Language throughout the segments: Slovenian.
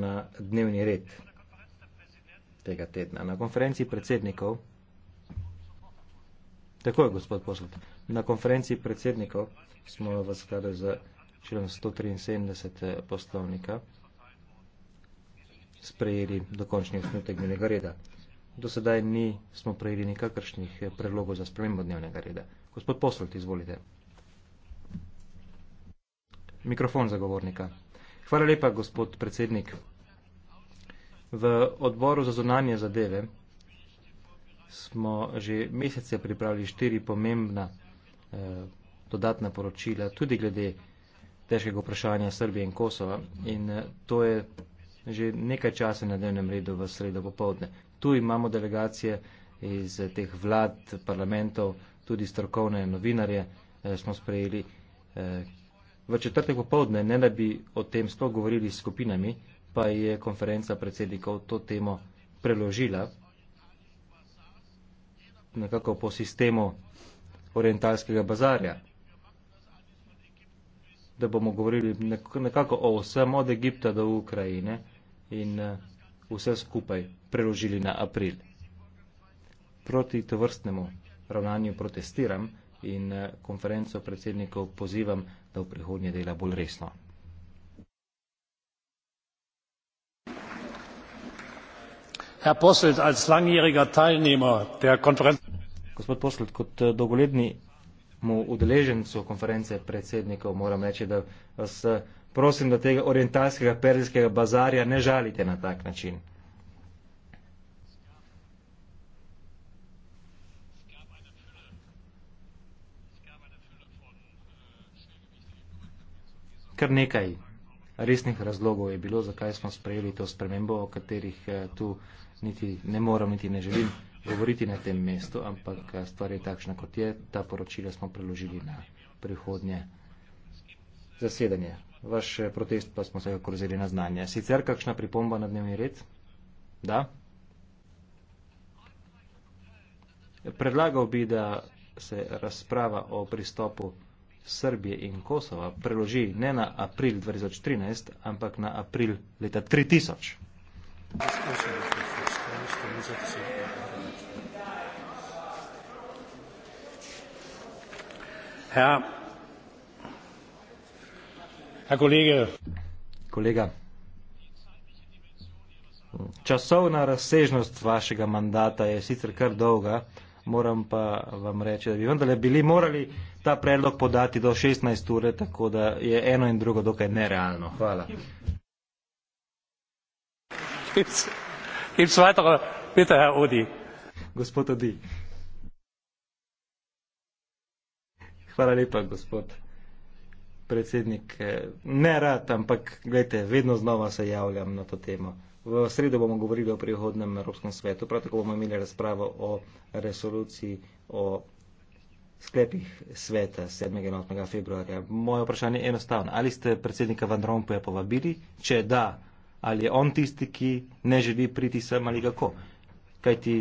na dnevni red tega tedna. Na konferenci predsednikov, tako je gospod poslot, na konferenci predsednikov smo v skladu za člen 173 poslovnika sprejeli dokončni osnutek dnevnega reda. Do sedaj ni smo prejeli nikakršnih eh, predlogov za spremembo dnevnega reda. Gospod poslot, izvolite. Mikrofon zagovornika. Hvala lepa, gospod predsednik. V odboru za zunanje zadeve smo že mesece pripravili štiri pomembna eh, dodatna poročila, tudi glede težkega vprašanja Srbije in Kosova. In eh, to je že nekaj časa na dnevnem redu v sredo popovdne. Tu imamo delegacije iz eh, teh vlad, parlamentov, tudi strokovne novinarje eh, smo sprejeli. Eh, V četrtek popovdne, ne da bi o tem sploh govorili s skupinami, pa je konferenca predsednikov to temo preložila nekako po sistemu orientalskega bazarja, da bomo govorili nekako o vsem, od Egipta do Ukrajine in eh, vse skupaj preložili na april. Proti tovrstnemu ravnanju protestiram in eh, konferenco predsednikov pozivam, da v prihodnje dela bolj resno. Posselt, Gospod Poselt, kot eh, dolgoletni udeležencu konference predsednikov moram reči, da vas eh, prosim, da tega orientalskega perzijskega bazarja ne žalite na tak način. kar nekaj resnih razlogov je bilo, zakaj smo sprejeli to spremembo, o katerih eh, tu niti ne moram, niti ne želim govoriti na tem mestu, ampak eh, stvar je takšna, kot je. Ta poročila smo preložili na prihodnje zasedanje. Vaš eh, protest pa smo se ga korzeli na znanje. Sicer kakšna pripomba na dnevni red? Da? Predlagal bi, da se razprava o pristopu Srbije in Kosova preloži ne na april 2013, ampak na april leta 3000. Ja. Ja, kolege. Kolega, časovna razsežnost vašega mandata je sicer kar dolga, moram pa vam reči, da bi vendarle bili morali uh, ta predlog podati do 16 ure, tako da je eno in drugo dokaj nerealno. Hvala. Gibt's weitere? Bitte, Herr Odi. Gospod Odi. Hvala lepa, gospod predsednik. Ne rad, ampak gledajte, vedno znova se javljam na to temo. V sredo bomo govorili o prihodnem Evropskem svetu, prav tako bomo imeli razpravo o resoluciji o sklepih sveta 7. in 8. februarja. Moje vprašanje je enostavno. Ali ste predsednika Van Rompuja povabili? Če da, ali je on tisti, ki ne želi priti sem ali kako? Kaj ti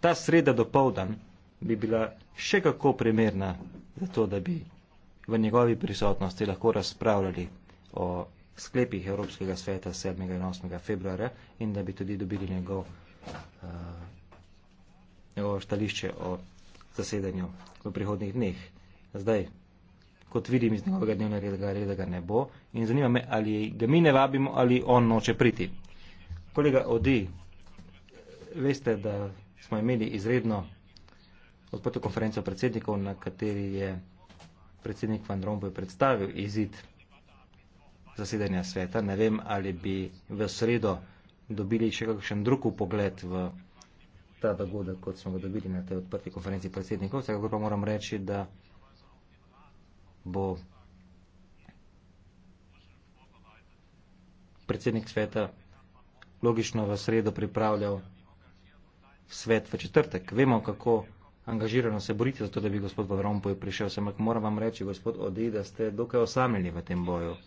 ta sreda do povdan bi bila še kako primerna za to, da bi v njegovi prisotnosti lahko razpravljali o sklepih Evropskega sveta 7. in 8. februarja in da bi tudi dobili njegov, uh, eh, njegov štališče o zasedanju v prihodnih dneh. Zdaj, kot vidim iz njegovega dnevnega reda, reda ga ne bo in zanima me, ali ga mi ne vabimo ali on noče priti. Kolega Odi, veste, da smo imeli izredno odprto konferenco predsednikov, na kateri je predsednik Van Rompuy predstavil izid zasedanja sveta. Ne vem, ali bi v sredo dobili še kakšen drug pogled v ta dogodek, kot smo ga dobili na tej odprti konferenci predsednikov. Vsekakor pa moram reči, da bo predsednik sveta logično v sredo pripravljal svet v četrtek. Vemo, kako angažirano se borite za to, da bi gospod Vavrompoj prišel sem, ampak moram vam reči, gospod Odej, da ste dokaj osamljeni v tem boju.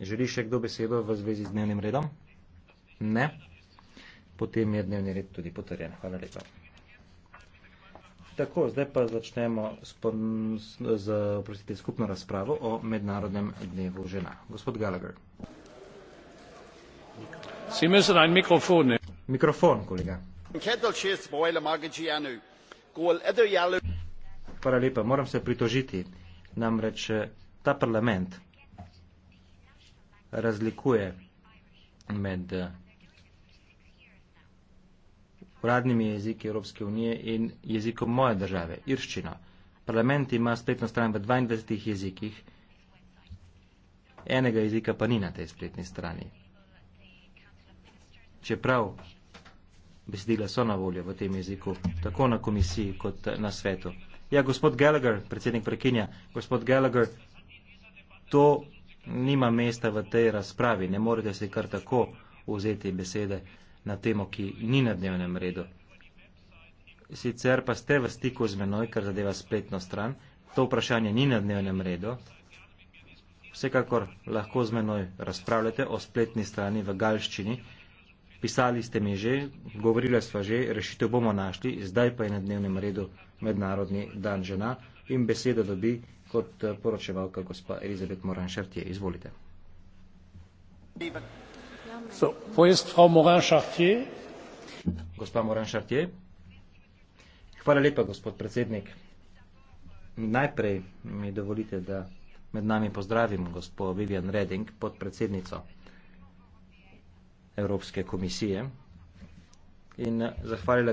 Želi še kdo besedo v zvezi z dnevnim redom? Ne. Potem je dnevni red tudi potrjen. Hvala lepa. Tako, zdaj pa začnemo z, z, prosite, skupno razpravo o mednarodnem dnevu žena. Gospod Gallagher. Sie müssen ein Mikrofon nehmen. Mikrofon, kolega. Hvala lepa, moram se pritožiti. Namreč eh, ta parlament razlikuje med eh, uradnimi jeziki Evropske unije in jezikom moje države, irščino. Parlament ima spletno stran v 22 jezikih, enega jezika pa ni na tej spletni strani. Čeprav besedila so na voljo v tem jeziku, tako na komisiji kot na svetu. Ja, gospod Gallagher, predsednik prekinja, gospod Gallagher, to nima mesta v tej razpravi, ne morete se kar tako vzeti besede. Uh, na temo, ki ni na dnevnem redu. Sicer pa ste v stiku z menoj, kar zadeva spletno stran, to vprašanje ni na dnevnem redu. Vsekakor lahko z menoj razpravljate o spletni strani v galščini. Pisali ste mi že, govorili smo že, rešitev bomo našli, zdaj pa je na dnevnem redu Mednarodni dan žena in besedo dobi kot poročevalka gospa Elizabet Moran Šartje. Izvolite. Gospa Moran Šartje, hvala lepa, gospod predsednik. Najprej mi dovolite, da med nami pozdravim gospod Vivian Reding, podpredsednico Evropske komisije. In eh, zahvalila bi.